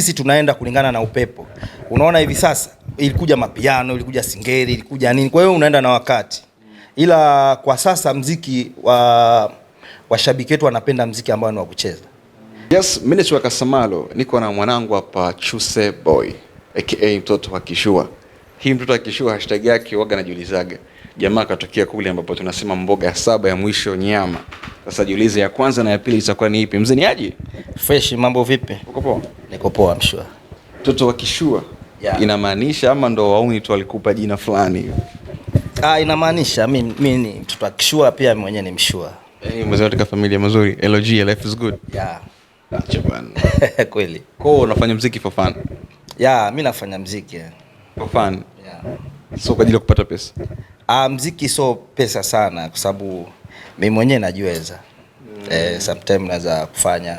sisi tunaenda kulingana na upepo. Unaona hivi sasa, ilikuja mapiano, ilikuja singeri, ilikuja nini, kwa hiyo unaenda na wakati. Ila kwa sasa mziki wa washabiki wetu wanapenda mziki ambao ni wa kucheza. Yes, mimi ni Kasamalo, niko na mwanangu hapa Chuse Boy aka mtoto wa Kishua. Hii mtoto wa Kishua hashtag yake waga najiulizaga jamaa katokea kule ambapo tunasema mboga ya saba ya mwisho nyama. Sasa jiulize ya kwanza na ya pili itakuwa ni ipi? Mzee ni aje? Fresh, mambo vipi? Uko poa? Niko poa, mshua. Mtoto wa kishua yeah. Inamaanisha ama ndo wauni tu alikupa jina fulani? Ah, inamaanisha mimi mimi ni mtoto wa kishua pia mwenyewe ni mshua. Eh, hey, mzee katika familia mzuri. LG life is good. Yeah. Acha bwana. Kweli. Kwa unafanya muziki for fun? Yeah, mimi nafanya muziki. For fun. Yeah so kwa ajili ya kupata pesa? Ah, mziki so pesa sana, kwa sababu mimi mwenyewe najiweza mm. Eh, sometimes naweza kufanya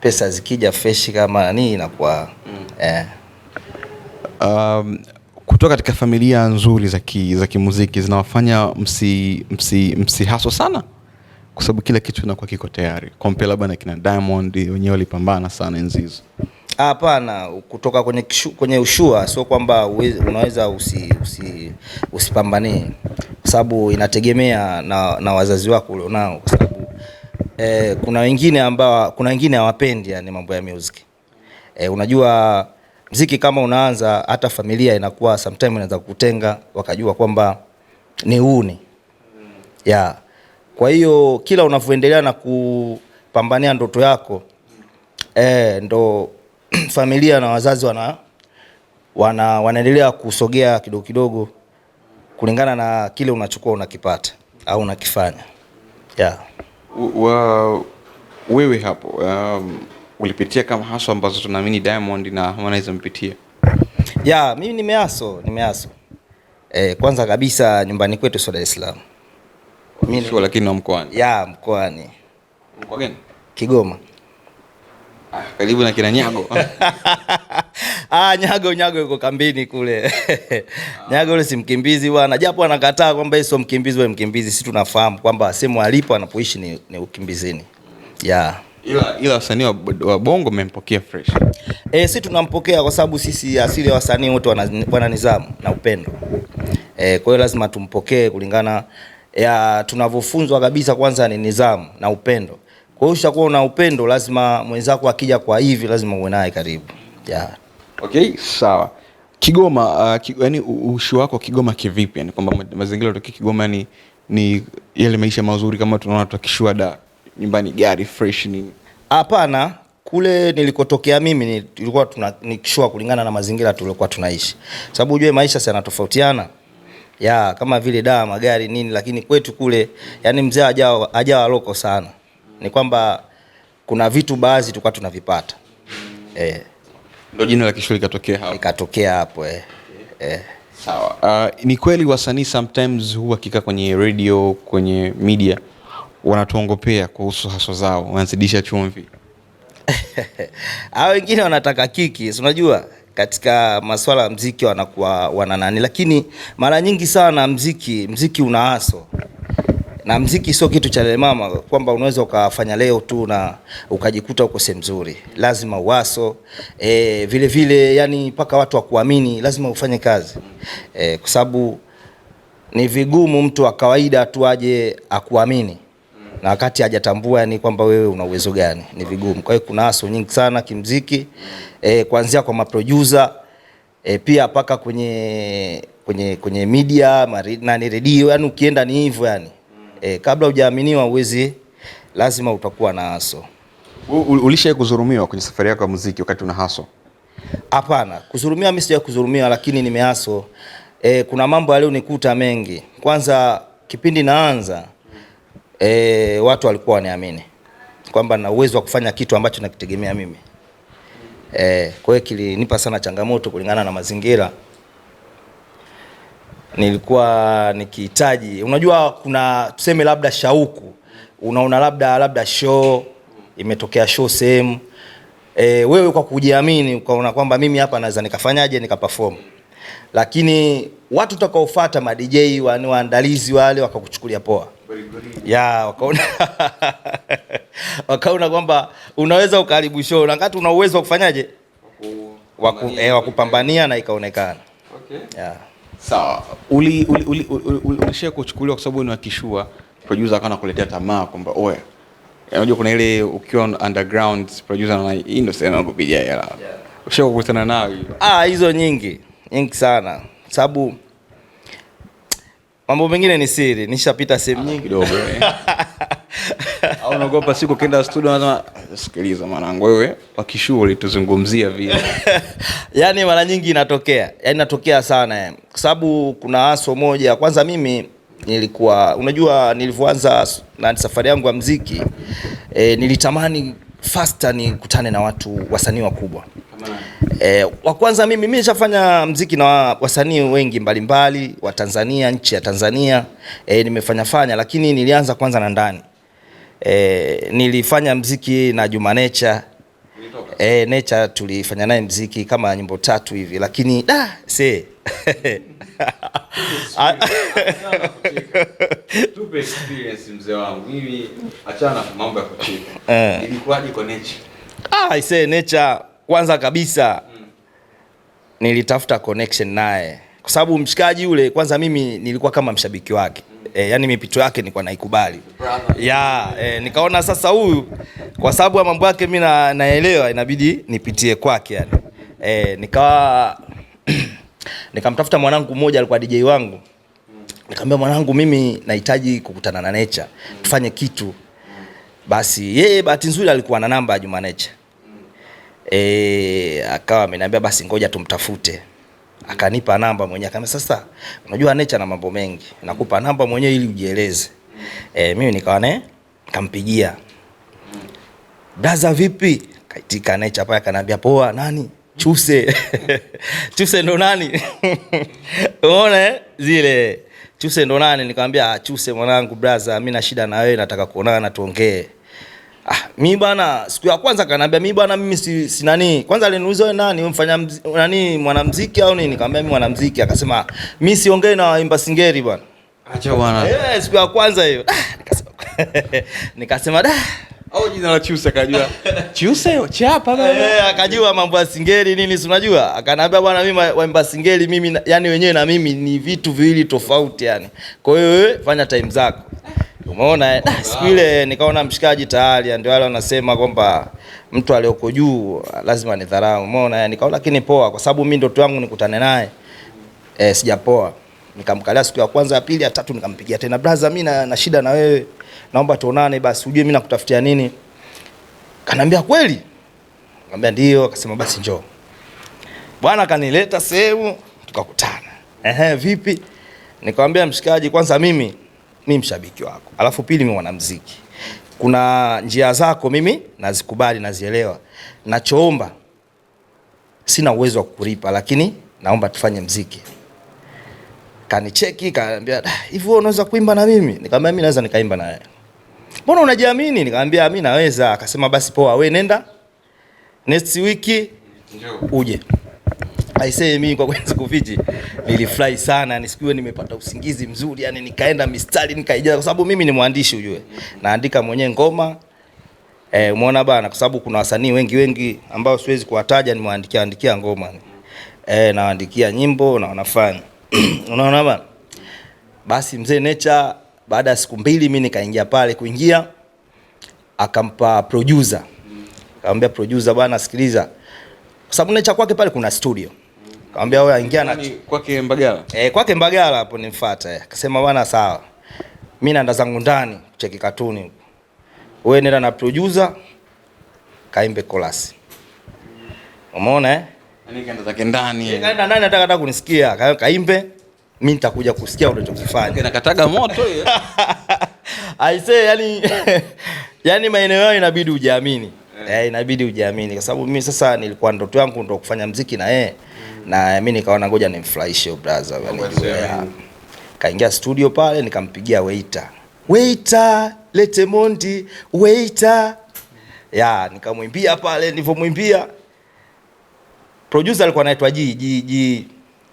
pesa zikija fresh kama nini inakuwa mm. eh. Um, kutoka katika familia nzuri za kimuziki zinawafanya msi, msi, haso sana kwa sababu kila kitu inakuwa kiko tayari. Kompe labda na kina Diamond wenyewe walipambana sana enzi hizo. Hapana, kutoka kwenye, kishu, kwenye ushua sio kwamba unaweza usi, usi, usipambanie kwa sababu inategemea na, na wazazi wako ulionao kwa sababu eh, kuna wengine ambao kuna wengine hawapendi yani mambo ya music eh, unajua mziki kama unaanza hata familia inakuwa sometimes inaweza kutenga wakajua kwamba ni uni yeah. Kwa hiyo kila unavyoendelea na kupambania ndoto yako eh, ndo familia na wazazi wana, wana, wanaendelea kusogea kidogo kidogo kulingana na kile unachukua unakipata au unakifanya yeah. Wa, wewe hapo um, ulipitia kama haso ambazo tunaamini Diamond na Harmonize mpitia? Yeah, mimi nimeaso nimeaso eh, kwanza kabisa nyumbani kwetu sio Dar es Salaam mimi, lakini na mkoani yeah, mkoani mkoa gani? Kigoma Ah, karibu na kina Nyago. Ah, Nyago Nyago yuko kambini kule Nyago yule si mkimbizi bwana, japo anakataa kwamba yeye sio mkimbizi. Wewe mkimbizi, sisi tunafahamu kwamba sehemu alipo anapoishi ni, ni ukimbizini yeah. Ila, ila wasanii wa, bongo mmempokea fresh eh? Sisi tunampokea kwa sababu sisi asili ya wasanii wote wana nidhamu na upendo e, kwa hiyo lazima tumpokee kulingana ya tunavyofunzwa kabisa. Kwanza ni nidhamu na upendo kwa hiyo ushakuwa una upendo, lazima mwenzako akija kwa hivi, lazima uwe naye karibu yeah. Okay, sawa. Kigoma, uh, ki, ushi wako Kigoma kivipi? Yani kwamba mazingira toki Kigoma ni, ni yale maisha mazuri kama tunaona tukishua da nyumbani gari fresh ni hapana. Kule nilikotokea mimi nilikuwa tulikuwa tunakishua kulingana na mazingira tulikuwa tunaishi, sababu ujue maisha sana tofautiana ya kama vile da magari nini, lakini kwetu kule yani mzee ajao ajao loko sana ni kwamba kuna vitu baadhi tulikuwa tunavipata eh, ndio jina la kishauri ikatokea hapo, ikatokea hapo eh. Eh. eh. Sawa. Uh, ni kweli wasanii sometimes huwa kika kwenye radio, kwenye media wanatuongopea kuhusu haso zao, wanazidisha chumvi au wengine wanataka kiki, unajua katika masuala ya mziki wanakuwa nani lakini mara nyingi sana mziki mziki una haso na mziki sio kitu cha lemama kwamba unaweza ukafanya leo tu na ukajikuta uko sehemu nzuri, lazima uwaso e, vile vile yani mpaka watu wakuamini, lazima ufanye kazi e, kwa sababu ni vigumu mtu wa kawaida tu aje akuamini na wakati hajatambua yani kwamba wewe una uwezo gani, ni vigumu. Kwa hiyo kuna aso nyingi sana kimziki e, kuanzia kwa maproducer e, pia mpaka kwenye kwenye kwenye media nani redio, yani ukienda ni hivyo yani E, kabla hujaaminiwa uwezi, lazima utakuwa na haso. Ulishawahi kudhulumiwa kwenye safari yako ya muziki wakati una haso? Hapana, kudhulumiwa mimi sijawahi kudhulumiwa, lakini nimehaso. E, kuna mambo yaliyonikuta mengi. Kwanza kipindi naanza e, watu walikuwa waniamini kwamba na uwezo wa kufanya kitu ambacho nakitegemea mimi. E, kwa hiyo kilinipa sana changamoto kulingana na mazingira nilikuwa nikihitaji, unajua kuna tuseme labda shauku, unaona labda labda show imetokea show sehemu e, wewe kwa kujiamini ukaona kwamba mimi hapa naweza nikafanyaje nikaperform, lakini watu utakaofuata ma DJ waandalizi wale wakakuchukulia poa ya wakaona wakaona kwamba unaweza ukaharibu show na kati una uwezo wa kufanyaje, wakupambania e, na ikaonekana okay. Sawa, Uli, uli, uli, uli, uli, uli kuchukuliwa kwa sababu ni wakishua producer akawa nakuletea tamaa kwamba oya, eh, unajua kuna ile ukiwa underground producer na hii ndio sema nakupigia hela. Ushawahi kukutana nayo hiyo? Ah, hizo nyingi nyingi sana, sababu mambo mengine ni siri, nishapita sehemu ah, nyingi kidogo eh. anaogopa siku kenda studio, anasema sikiliza mwanangu, wewe wakishughuli tuzungumzia vile yani mara nyingi inatokea, yani inatokea sana eh. kwa sababu kuna aso moja. Kwanza mimi nilikuwa unajua, nilivyoanza na safari yangu ya muziki e, nilitamani faster ni kutane na watu wasanii wakubwa E, wa kwanza mimi mimi nishafanya mziki na wasanii wengi mbalimbali mbali, wa Tanzania nchi ya Tanzania e, nimefanya fanya, lakini nilianza kwanza na ndani eh, nilifanya mziki na Juma Nature eh, Nature tulifanya naye mziki kama nyimbo tatu hivi, lakini da se tupe experience mzee wangu, mimi achana na mambo ya kucheka. Eh. Ilikuwaje kwa Nature? Ah, ise Nature kwanza kabisa mm. nilitafuta connection naye kwa sababu mshikaji ule kwanza mimi nilikuwa kama mshabiki wake e, yani mipito yake nilikuwa naikubali ya e, nikaona sasa huyu kwa sababu ya mambo yake mimi na, naelewa inabidi nipitie kwake yani e, nikawa nikamtafuta mwanangu mmoja alikuwa DJ wangu nikamwambia mwanangu, mimi nahitaji kukutana na Nature tufanye kitu basi. Yeye bahati nzuri alikuwa na namba ya Juma Nature e, akawa ameniambia basi ngoja tumtafute akanipa namba mwenyewe, akamwambia, sasa, unajua nature na mambo mengi, nakupa namba mwenyewe ili ujieleze. E, mimi nikawa naye kampigia, braza vipi? Kaitika nature pale, akaniambia poa. Nani Chuse? Chuse ndo nani? Umeona eh? Zile Chuse ndo nani? Nikamwambia ah, Chuse mwanangu, brother, mimi na shida na wewe, nataka kuonana tuongee. Ah, mi bwana, siku ya kwanza kanaambia mi bwana, mimi si, si nani. Kwanza aliniuliza wewe nani mfanya nani mwanamuziki au nini? Nikamwambia mimi mwanamuziki. Akasema mimi siongei na waimba singeri bwana. Acha bwana. Eh, yeah, siku ya kwanza hiyo. Ah, nikasema da au jina la Chiuse akajua. Chiuse chapa baba. Eh, akajua mambo ya singeri nini si unajua? Akanambia bwana, mimi waimba singeri mimi yani wenyewe na mimi ni vitu viwili tofauti yani. Kwa hiyo wewe fanya time zako. Umeona eh? ah, siku ile nikaona mshikaji tayari ndio wale wanasema kwamba mtu aliyoko juu lazima ni dharau. Umeona eh? nikaona lakini poa, kwa sababu mimi ndoto yangu nikutane naye eh, sijapoa. Nikamkalia siku ya kwanza, ya pili, ya tatu, nikampigia tena, brother, mimi na shida na wewe, naomba tuonane basi, ujue mimi nakutafutia nini. Kanambia kweli? Nikamwambia ndio. Akasema basi njoo bwana. Kanileta sehemu tukakutana. Ehe, vipi? Nikamwambia mshikaji, kwanza mimi mi mshabiki wako, alafu pili mimi mwanamuziki. Kuna njia zako mimi nazikubali, nazielewa. Nachoomba, sina uwezo wa kukulipa, lakini naomba tufanye mziki. Kanicheki kaambia, ah, hivi wewe unaweza kuimba na mimi? Nikamwambia mimi naweza nikaimba na wewe. Mbona unajiamini? Nikamwambia mimi naweza. Akasema basi poa, wewe nenda next week uje. Aisee, mimi kwa kweli sikufichi, nilifurahi sana, ni nisikue nimepata usingizi mzuri, yani nikaenda mistari nikaijaza, kwa sababu mimi ni mwandishi ujue, naandika mwenyewe ngoma eh, umeona bana, kwa sababu kuna wasanii wengi wengi ambao siwezi kuwataja, nimewaandikia andikia ngoma eh, nawaandikia nyimbo na wanafanya unaona bana. Basi mzee Nature, baada ya siku mbili mimi nikaingia pale, kuingia akampa producer, akamwambia producer, bwana sikiliza, kwa sababu Nature kwake pale kuna studio kwambia wewe aingia na yaani kwake Mbagala. Eh, kwake Mbagala hapo nimfuata yeye. Akasema bwana sawa. Mimi naenda zangu ndani kucheki katuni. Wewe nenda na producer kaimbe chorus. Umeona eh? Yaani kaenda zake ndani. Yeye kaenda ndani anataka hata kunisikia. Kaimbe mimi nitakuja kusikia unachokifanya. kataga moto yeye. I say yani yani maeneo yao inabidi ujiamini. Eh. eh, inabidi ujiamini kwa sababu mimi sasa nilikuwa ndoto yangu ndo kufanya mziki na yeye. Eh na mimi nikaona ngoja nimfurahishe brother bwana. Kaingia studio pale nikampigia waiter. Waiter, lete Mondi, waiter. Ya, nikamwimbia pale nilivyomwimbia. Producer alikuwa anaitwa ji ji ji,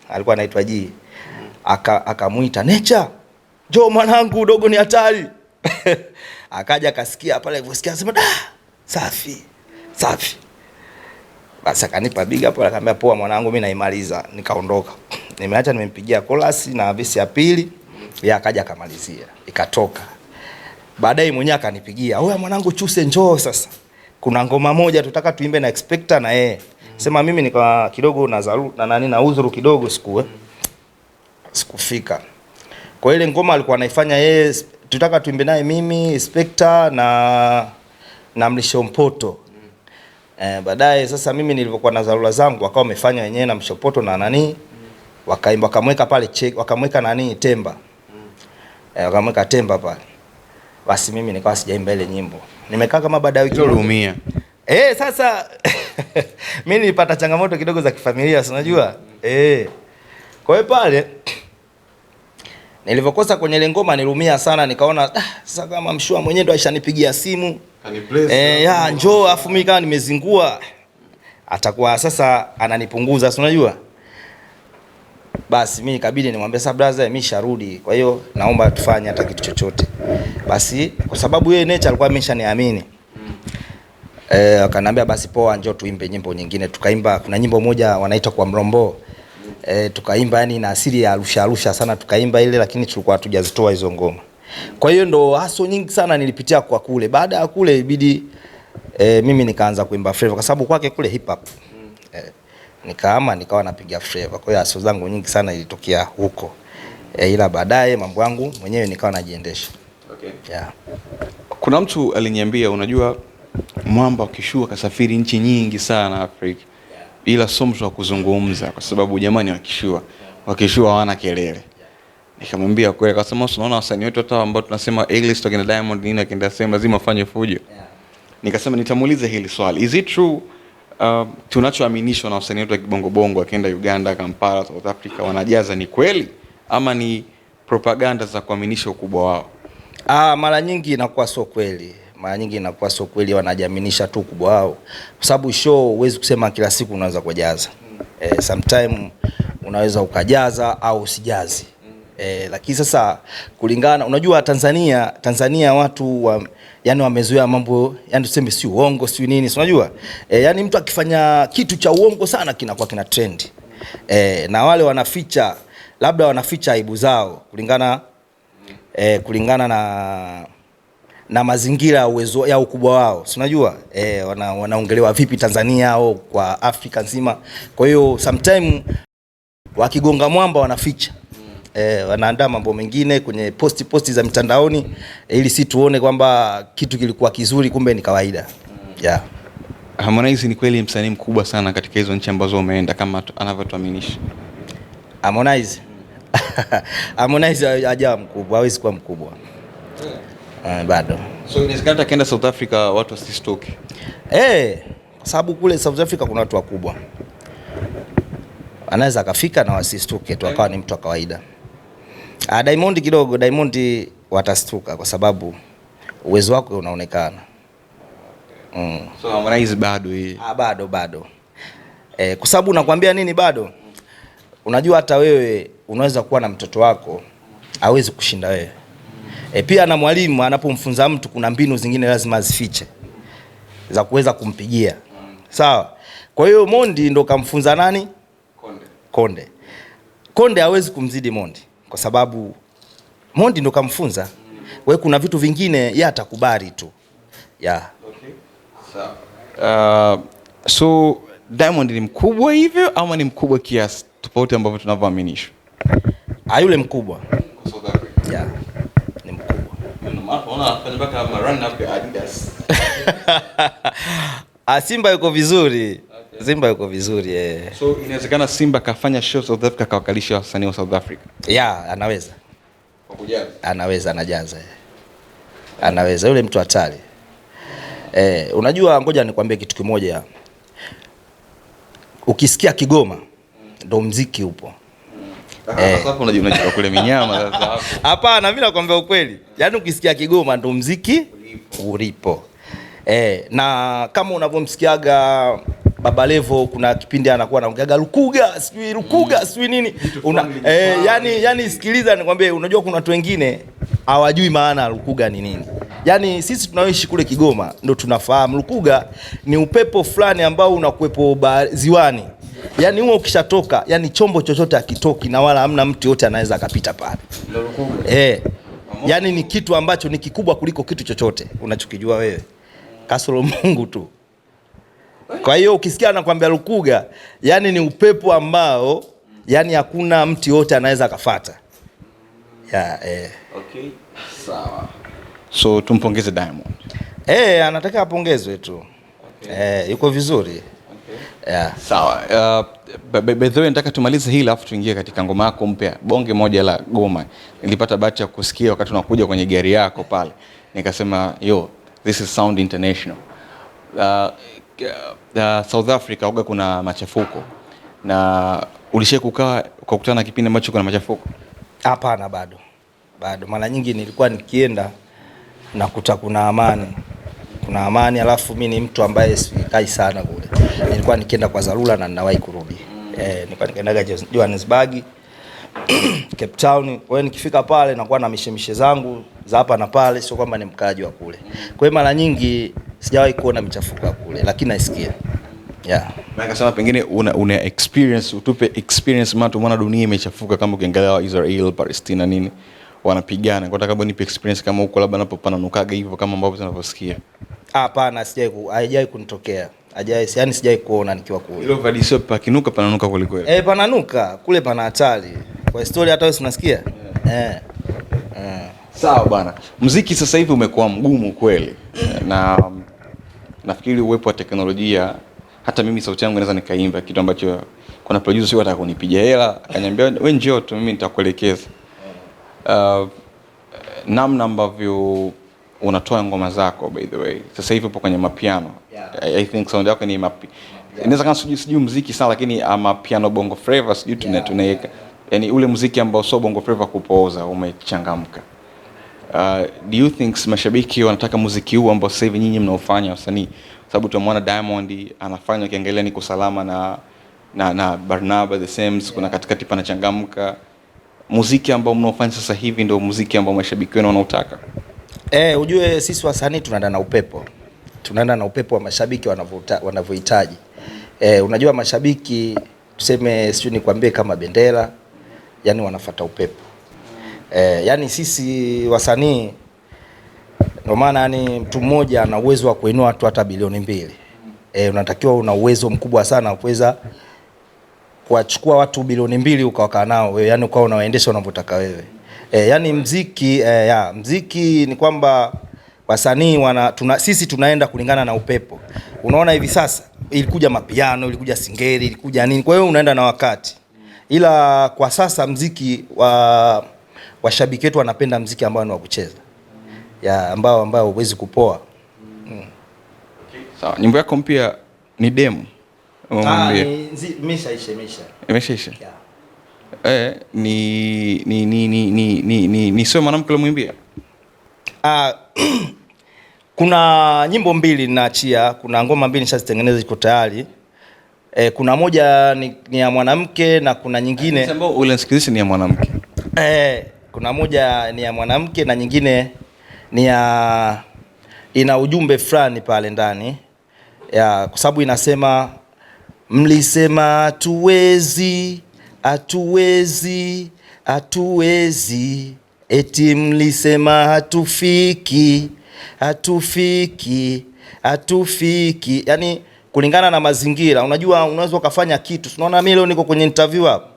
Alikuwa anaitwa G. Aka akamuita Necha. Njoo mwanangu dogo ni hatari. Akaja akasikia pale alivyosikia, akasema da, safi. Safi. Basi akanipa big hapo, akaniambia poa mwanangu, mimi naimaliza. Nikaondoka, nimeacha nimempigia chorus na vesi ya pili, yeye akaja akamalizia, ikatoka. Baadaye mwenyewe akanipigia, oya mwanangu, Chuse njoo sasa, kuna ngoma moja tutaka tuimbe na Expecta na yeye sema. Mimi nika kidogo na zaru na nani na uzuru kidogo, siku eh. sikufika kwa ile ngoma alikuwa anaifanya yeye, tutaka tuimbe naye mimi Expecta na na Mlisho Mpoto. Eh, baadaye sasa mimi nilivyokuwa na dharura zangu wakawa wamefanya wenyewe na mshopoto na nani wakaimba wakamweka pale check wakamweka nani temba eh, wakamweka temba pale. Basi mimi nikawa sijaimba ile nyimbo, nimekaa kama baada ya wiki niliumia. Eh, sasa mimi nilipata changamoto kidogo za kifamilia, si unajua eh, kwa hiyo pale Nilivyokosa kwenye ile ngoma nilumia sana, nikaona ah, sasa kama mshua mwenyewe ndo aishanipigia simu eh, ya njoo, afu mimi kama nimezingua atakuwa sasa ananipunguza, si unajua. Basi mimi ikabidi nimwambie sasa, brother, mimi sharudi, kwa hiyo naomba tufanye hata kitu chochote. Basi kwa sababu yeye nature alikuwa ameshaniamini mm. eh, akaniambia basi poa, njoo tuimbe nyimbo nyingine. Tukaimba, kuna nyimbo moja wanaita kwa mrombo e, tukaimba yani na asili ya Arusha Arusha sana tukaimba ile, lakini tulikuwa hatujazitoa hizo ngoma. Kwa hiyo ndo haso nyingi sana nilipitia kwa kule. Baada ya kule ibidi e, mimi nikaanza kuimba Flavor kwa sababu kwake kule hip hop E, nikaama nikawa napiga Flavor. Kwa hiyo haso zangu nyingi sana ilitokea huko e, ila baadaye mambo yangu mwenyewe nikawa najiendesha. Okay. Yeah. Kuna mtu aliniambia, unajua mwamba ukishua kasafiri nchi nyingi sana Afrika ila somo mtu wa kuzungumza, kwa sababu jamani, wakishua wakishua hawana kelele. Nikamwambia kweli, akasema unaona, wasanii wetu hata ambao tunasema A-list wakina Diamond nini, akienda sema lazima afanye fujo. Nikasema nitamuuliza hili swali, is it true uh, tunachoaminishwa na wasanii wetu wa kibongo bongo akienda Uganda, Kampala, South Africa wanajaza ni kweli ama ni propaganda za kuaminisha ukubwa wao? Ah, mara nyingi inakuwa sio kweli mara nyingi inakuwa sio kweli, wanajaminisha tu kubwa wao, kwa sababu show huwezi kusema kila siku unaweza kujaza mm. E, sometime unaweza ukajaza au usijazi mm. E, eh, lakini sasa kulingana, unajua Tanzania Tanzania watu wa, yani wamezoea mambo yani tuseme si uongo si nini si unajua e, yani mtu akifanya kitu cha uongo sana kinakuwa kina trend e, na wale wanaficha labda wanaficha aibu zao kulingana mm. e, kulingana na na mazingira ya uwezo ya ukubwa wao, si unajua e, wana, wanaongelewa vipi Tanzania au kwa Afrika nzima. Kwa hiyo sometime wakigonga mwamba wanaficha E, wanaandaa mambo mengine kwenye posti posti za mitandaoni e, ili si tuone kwamba kitu kilikuwa kizuri, kumbe ni kawaida yeah. Harmonize ni kweli msanii mkubwa sana katika hizo nchi ambazo umeenda kama anavyotuaminisha Harmonize. Harmonize hajawa mkubwa, hawezi kuwa mkubwa eh, bado. So inawezekana takaenda South Africa watu wasistoke eh, kwa sababu kule South Africa kuna watu wakubwa, anaweza akafika na wasistoke tu akawa ni mtu wa kawaida. Ah, Diamond kidogo, Diamond watastuka kwa sababu uwezo wako unaonekana mm. So bado hii ah, bado bado eh, kwa sababu nakwambia nini, bado unajua hata wewe unaweza kuwa na mtoto wako hawezi kushinda wewe E, pia na mwalimu anapomfunza mtu kuna mbinu zingine lazima azifiche za kuweza kumpigia sawa. Kwa hiyo Mondi ndo kamfunza nani? Konde. Konde, Konde hawezi kumzidi Mondi kwa sababu Mondi ndo kamfunza. Kwa hiyo kuna vitu vingine ya atakubali tu Ya. Okay. Sawa. Uh, so Diamond ni mkubwa hivyo ama ni mkubwa kiasi tofauti ambavyo tunavyoaminishwa? Ah, yule mkubwa yeah. Ah, Simba yuko vizuri. Okay. Simba yuko vizuri eh. So inawezekana Simba kafanya show South Africa kawakalisha wasanii wa South Africa. Yeah, anaweza. Kwa kujaza. Anaweza anajaza. Anaweza yule mtu hatari. Eh, unajua ngoja nikwambie kitu kimoja. Ukisikia Kigoma ndo mziki upo. Eh. kule minyama sasa hapo. Hapana, mimi nakwambia ukweli, yaani ukisikia Kigoma ndo mziki ulipo eh, na kama unavyomsikiaga Baba Levo kuna kipindi anakuwa anaongeaga lukuga sijui lukuga mm, sijui nini una, eh, yani, yani sikiliza nikwambie, unajua kuna watu wengine hawajui maana lukuga ni nini. yani sisi tunaoishi kule Kigoma ndo tunafahamu lukuga ni upepo fulani ambao unakuwepo ziwani yani huo ukishatoka, yani chombo chochote akitoki na wala hamna mtu yote anaweza akapita pale eh, yani ni kitu ambacho ni kikubwa kuliko kitu chochote unachokijua wewe, kasoro Mungu tu. Kwa hiyo ukisikia anakwambia Lukuga, yani ni upepo ambao yani hakuna mtu yote anaweza akafata ya, eh. Okay, sawa. So tumpongeze Diamond. Eh, anataka apongezwe tu. Okay. Eh, yuko vizuri. Yeah, sawa. Uh, way nataka tumalize hili alafu tuingie katika ngoma yako mpya, bonge moja la goma. Nilipata bahati ya kusikia wakati unakuja kwenye gari yako pale, nikasema yo, this is sound international. Uh, uh, uh South Africa uga kuna machafuko na ulishia kukaa ukakutana na kipindi ambacho kuna machafuko? Hapana, bado bado. Mara nyingi nilikuwa nikienda nakuta kuna amani, kuna amani, alafu mi ni mtu ambaye sikai sana kule nilikuwa nikienda kwa dharura na ninawahi kurudi. Mm. Eh, nilikuwa nikaendaga Johannesburg, Cape Town. Kwa hiyo nikifika pale nakuwa na mishemishe zangu za hapa na pale, sio kwamba ni mkaaji wa kule. Mm. Kwa hiyo mara nyingi sijawahi kuona michafuko ya kule, lakini naisikia. Yeah. Kasema pengine una, una experience utupe experience mtu mwana dunia imechafuka kama ukiangalia Israel, Palestina nini wanapigana. Kwa sababu nipe experience kama huko labda napo pananukaga hivyo kama ambavyo tunavyosikia. Hapana, sijawahi haijai kunitokea ajaisi yani sijai kuona nikiwa kule. Ile vadi shop pakinuka pananuka kule kweli. Eh, pananuka, kule pana hatari. Kwa story hata wewe unasikia? Eh. Eh. Sawa bwana. Muziki sasa hivi umekuwa mgumu kweli. Na nafikiri uwepo wa teknolojia hata mimi sauti yangu naweza nikaimba kitu ambacho kuna producer sio hata kunipiga hela, akaniambia wewe njoo tu mimi nitakuelekeza. Uh, namna ambavyo unatoa ngoma zako by the way. Sasa hivi upo kwenye mapiano yeah. I think sound yako ni mapi yeah. Inaweza kama sijui siju muziki sana lakini ama ah, piano bongo flavor sijui tuna yeah. tuna yeah. Yeah. yani ule muziki ambao sio bongo flavor kupooza umechangamka. Uh, do you think mashabiki wanataka muziki huu ambao sasa hivi nyinyi mnaofanya wasanii, sababu tumemwona Diamond anafanya kiangalia ni kusalama na na, na Barnaba the same yeah. kuna katikati pana changamka. muziki ambao mnaofanya sasa hivi ndio muziki ambao mashabiki wenu wanautaka? Eh, ujue sisi wasanii tunaenda na upepo, tunaenda na upepo wa mashabiki wanavyohitaji. Eh, unajua mashabiki tuseme, sijui nikwambie kama bendera, yani wanafata upepo eh, yani sisi wasanii ndio maana yani mtu mmoja ana uwezo wa kuinua watu hata bilioni mbili. Eh, unatakiwa una uwezo mkubwa sana kuweza kuwachukua watu bilioni mbili ukawakaa nao, yani ukawa unawaendesha unavyotaka wewe. E, yani mziki e, ya, mziki ni kwamba wasanii wana tuna, sisi tunaenda kulingana na upepo. Unaona hivi sasa ilikuja mapiano, ilikuja singeli, ilikuja nini, kwa hiyo unaenda na wakati, ila kwa sasa mziki wa washabiki wetu wanapenda mziki ambao ni wa kucheza ya ambao ambao huwezi kupoa mm. Okay. Sawa, nyimbo yako mpya ni demo, ah, misha. imesha Yeah eh, ni ni ni ni ni, ni, ni, ni sio mwanamke ulimwimbia? Uh, ah, kuna nyimbo mbili ninaachia, kuna ngoma mbili nishazitengeneza iko tayari. Eh, kuna moja ni, ni ya mwanamke na kuna nyingine ule ulinisikilizisha ni ya mwanamke. Eh, kuna moja ni ya mwanamke na nyingine ni ya ina ujumbe fulani pale ndani ya kwa sababu inasema mlisema tuwezi hatuwezi, hatuwezi, eti mlisema hatufiki, hatufiki, hatufiki. Yani kulingana na mazingira, unajua unaweza ukafanya kitu. Unaona, mimi leo niko kwenye interview hapa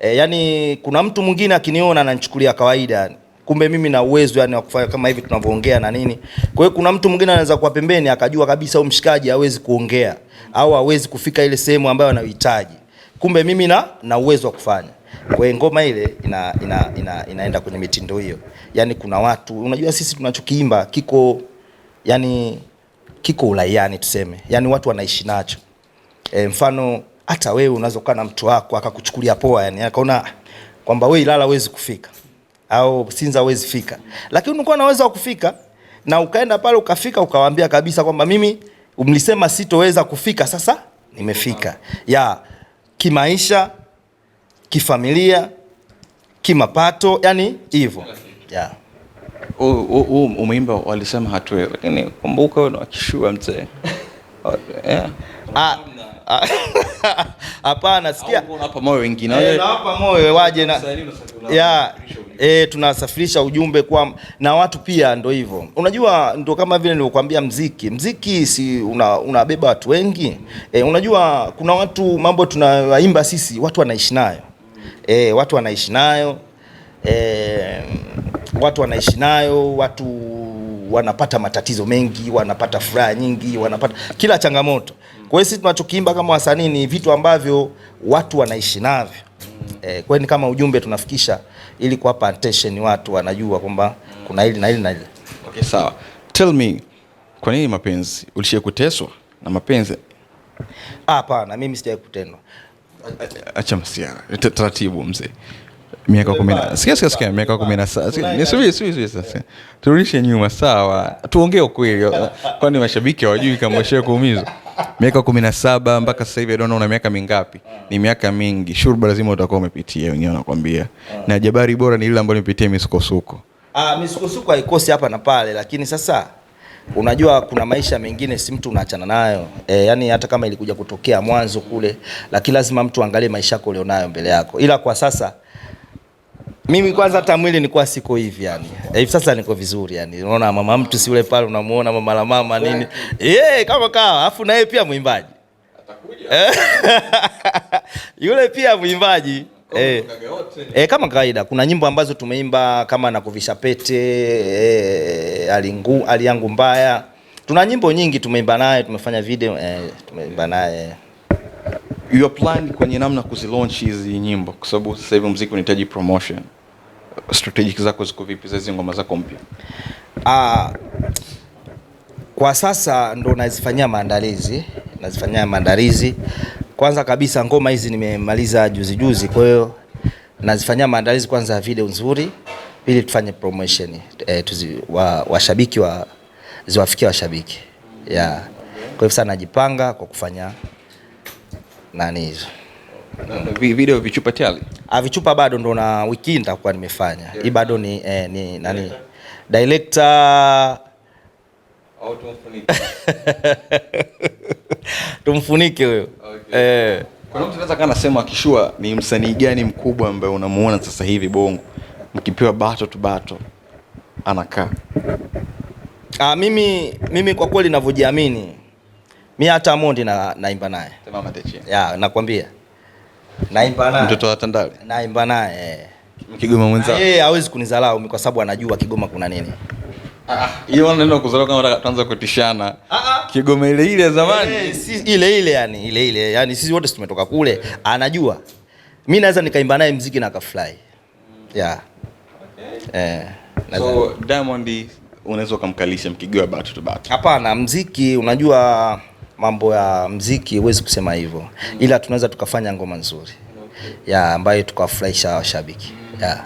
e, eh, yani kuna mtu mwingine akiniona ananichukulia kawaida yani kumbe mimi na uwezo yani wa kufanya kama hivi tunavyoongea na nini. Kwa hiyo kuna mtu mwingine anaweza kuwa pembeni akajua kabisa huyu mshikaji hawezi kuongea au hawezi kufika ile sehemu ambayo anayohitaji kumbe mimi na na uwezo wa kufanya. Kwa hiyo ngoma ile ina, ina, ina, inaenda kwenye mitindo hiyo, yaani kuna watu unajua, sisi tunachokiimba kiko yani kiko ulaiani tuseme, yaani watu wanaishi nacho e, mfano hata wewe unaweza kukaa na mtu wako akakuchukulia poa, yani akaona kwamba wewe Ilala huwezi kufika au Sinza huwezi fika, lakini unakuwa na uwezo wa kufika na ukaenda pale ukafika, ukawaambia kabisa kwamba mimi mlisema sitoweza kufika, sasa nimefika ya yeah kimaisha, kifamilia, kimapato, yani hivyo yeah. Umeimba walisema hatuwe, lakini kumbuka wewe unakishua mzee. Ah, ah. Hapana, sikia, unawapa moyo wengine, unawapa eh, moyo waje na e, tunasafirisha ujumbe kwa na watu pia ndo hivyo. Unajua ndo kama vile nilikwambia, mziki. Mziki si unabeba una watu wengi. E, unajua kuna watu mambo tunawaimba sisi watu wanaishi nayo. E, watu wanaishi nayo. E, watu wanaishi nayo, watu wanapata matatizo mengi, wanapata furaha nyingi, wanapata kila changamoto. Kwa hiyo sisi tunachokiimba kama wasanii ni vitu ambavyo watu wanaishi navyo. E, kwa hiyo ni kama ujumbe tunafikisha ili kuwapa attention watu wanajua kwamba kuna hili na hili na hili. Okay, sawa. Tell me, kwa nini mapenzi? Ulishia kuteswa na mapenzi? Ah, hapana, mimi sijawahi kutendwa. Acha msiana. taratibu, mzee. Miaka 10. Sikia sikia sikia, miaka 17. Nisubiri subiri sasa. Turudishe nyuma, sawa. Tuongee ukweli, kwani mashabiki hawajui kama washia kuumizwa miaka kumi na saba mpaka sasa hivi adona, una miaka mingapi? Ni miaka mingi, shurba lazima utakuwa umepitia, wenyewe wanakwambia. Na jabari bora ni lile ambalo limepitia misukosuko. Ah, misukosuko haikosi hapa na pale, lakini sasa unajua kuna maisha mengine si mtu unaachana nayo e, yani hata kama ilikuja kutokea mwanzo kule, lakini lazima mtu angalie maisha yako ulionayo mbele yako, ila kwa sasa mimi kwanza hata mwili kwa siko hivi yani. Eh, hivi sasa niko vizuri yani. Unaona mama mtu si yule pale unamuona mama la mama nini? Eh, kama kawa. Afu na yeye pia mwimbaji. Atakuja. Eh, yule pia mwimbaji. Eh. Eh, kama kawaida kuna nyimbo ambazo tumeimba kama nakuvisha pete, eh, alingu, aliangu mbaya. Tuna nyimbo nyingi tumeimba naye, tumefanya video, eh, tumeimba naye your plan kwenye namna kuzilaunch hizi nyimbo, kwa sababu sasa hivi muziki unahitaji promotion, strategic zako ziko vipi za hizi ngoma zako mpya? Ah, kwa sasa ndo nazifanyia maandalizi, nazifanyia maandalizi. Kwanza kabisa ngoma hizi nimemaliza juzi juzi, kwa hiyo nazifanyia maandalizi kwanza ya video nzuri, ili tufanye promotion eh, washabiki wa, ziwafikia washabiki yeah. Kwa hiyo sasa najipanga kwa kufanya nani hizo video vichupa tayari? Ah, vichupa bado ndo na wiki hii nitakuwa nimefanya hii bado ni, eh, ni nani director tumfunike huyo. Okay. Eh. Kuna mtu anaweza kanasema akishua ni msanii gani mkubwa ambaye unamuona sasa hivi Bongo mkipewa bato tu bato anakaa? Ah, mimi, mimi kwa kweli ninavyojiamini Mi hata Amondi na naimba naye. Tamam Techi. Ya, nakwambia. Naimba naye. Mtoto wa Tandale. Naimba naye. Eh. Kigoma mwenzao. Eh, hawezi kunidharau kwa sababu anajua Kigoma kuna nini. Ah, ah. hiyo wanaenda kuzarau kama tuanza kutishana. Ah, ah. Kigoma ile ile zamani. Eh, si ile ile yani, ile ile. Yaani sisi wote tumetoka kule, anajua. Mimi naweza nikaimba naye mziki na akafurahi. Mm. Yeah. Okay. Eh. So Diamond unaweza ukamkalisha mkigoma batu to batu. Hapana, mziki unajua mambo ya mziki huwezi kusema hivyo ila tunaweza tukafanya ngoma nzuri ya ambayo tukawafurahisha washabiki ya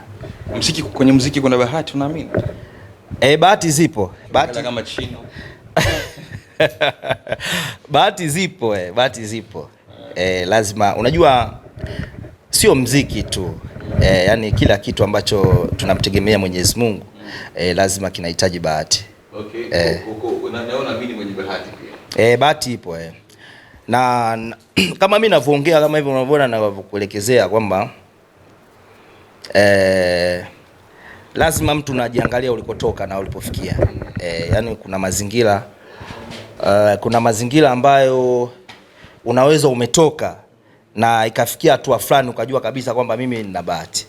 mziki. Kwenye mziki kuna bahati unaamini? Eh, bahati zipo, bahati kama Chino bahati zipo eh, bahati zipo eh, lazima unajua, sio mziki tu eh, yani kila kitu ambacho tunamtegemea Mwenyezi Mungu eh, lazima kinahitaji bahati okay. eh. unaona mimi mwenye bahati Eh, bahati ipo eh. Na, na kama mimi navyoongea kama hivyo unavyoona navyokuelekezea kwamba eh, lazima mtu najiangalia ulikotoka na ulipofikia e, yani kuna mazingira uh, kuna mazingira ambayo unaweza umetoka na ikafikia hatua fulani ukajua kabisa kwamba mimi nina bahati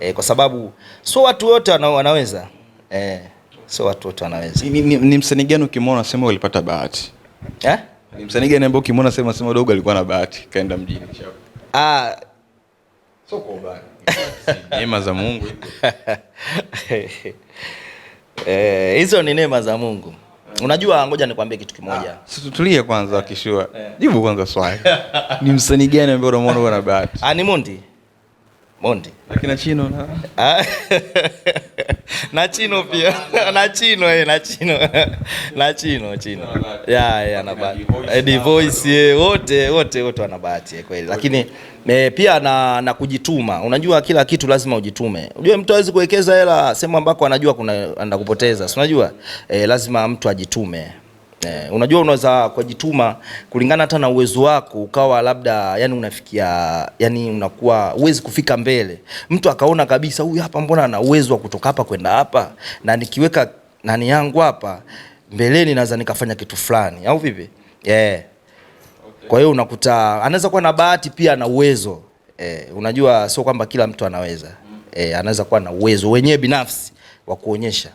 e, kwa sababu sio watu wote wanaweza eh, sio watu wote wanaweza. Ni, ni, ni msanii gani ukimwona unasema ulipata bahati? Eh? Ni msanii gani ambaye ukimwona sema sema dogo alikuwa na bahati kaenda mjini kishapo? Ah. Soko bahati. Neema za Mungu Eh, hizo ni neema za Mungu. Unajua, ngoja nikwambie kitu kimoja. Ah, tulie kwanza eh. kishua. Eh. Jibu kwanza swali. Ni msanii gani ambaye unamwona na bahati? Ah, ni Mondi. Mondi. Lakini na Chino na. Ah. na Chino pia na Chino eh, na Chino na Chino Chino ya ya na bahati eh, voice eh, wote wote wote wana bahati eh, kweli, lakini me, pia na, na kujituma. Unajua kila kitu lazima ujitume. Unajua mtu hawezi kuwekeza hela sehemu ambako anajua kuna anakupoteza, si unajua eh, lazima mtu ajitume. Eh, unajua unaweza kujituma kulingana hata na uwezo wako ukawa labda yani unafikia yani unakuwa uwezi kufika mbele. Mtu akaona kabisa huyu hapa mbona ana uwezo wa kutoka hapa kwenda hapa na nikiweka nani yangu hapa mbeleni naweza nikafanya kitu fulani au vipi? Eh. Okay. Kwa hiyo unakuta anaweza kuwa na bahati pia na uwezo. Eh, unajua sio kwamba kila mtu anaweza. Mm. Eh, anaweza kuwa na uwezo wenyewe binafsi wa kuonyesha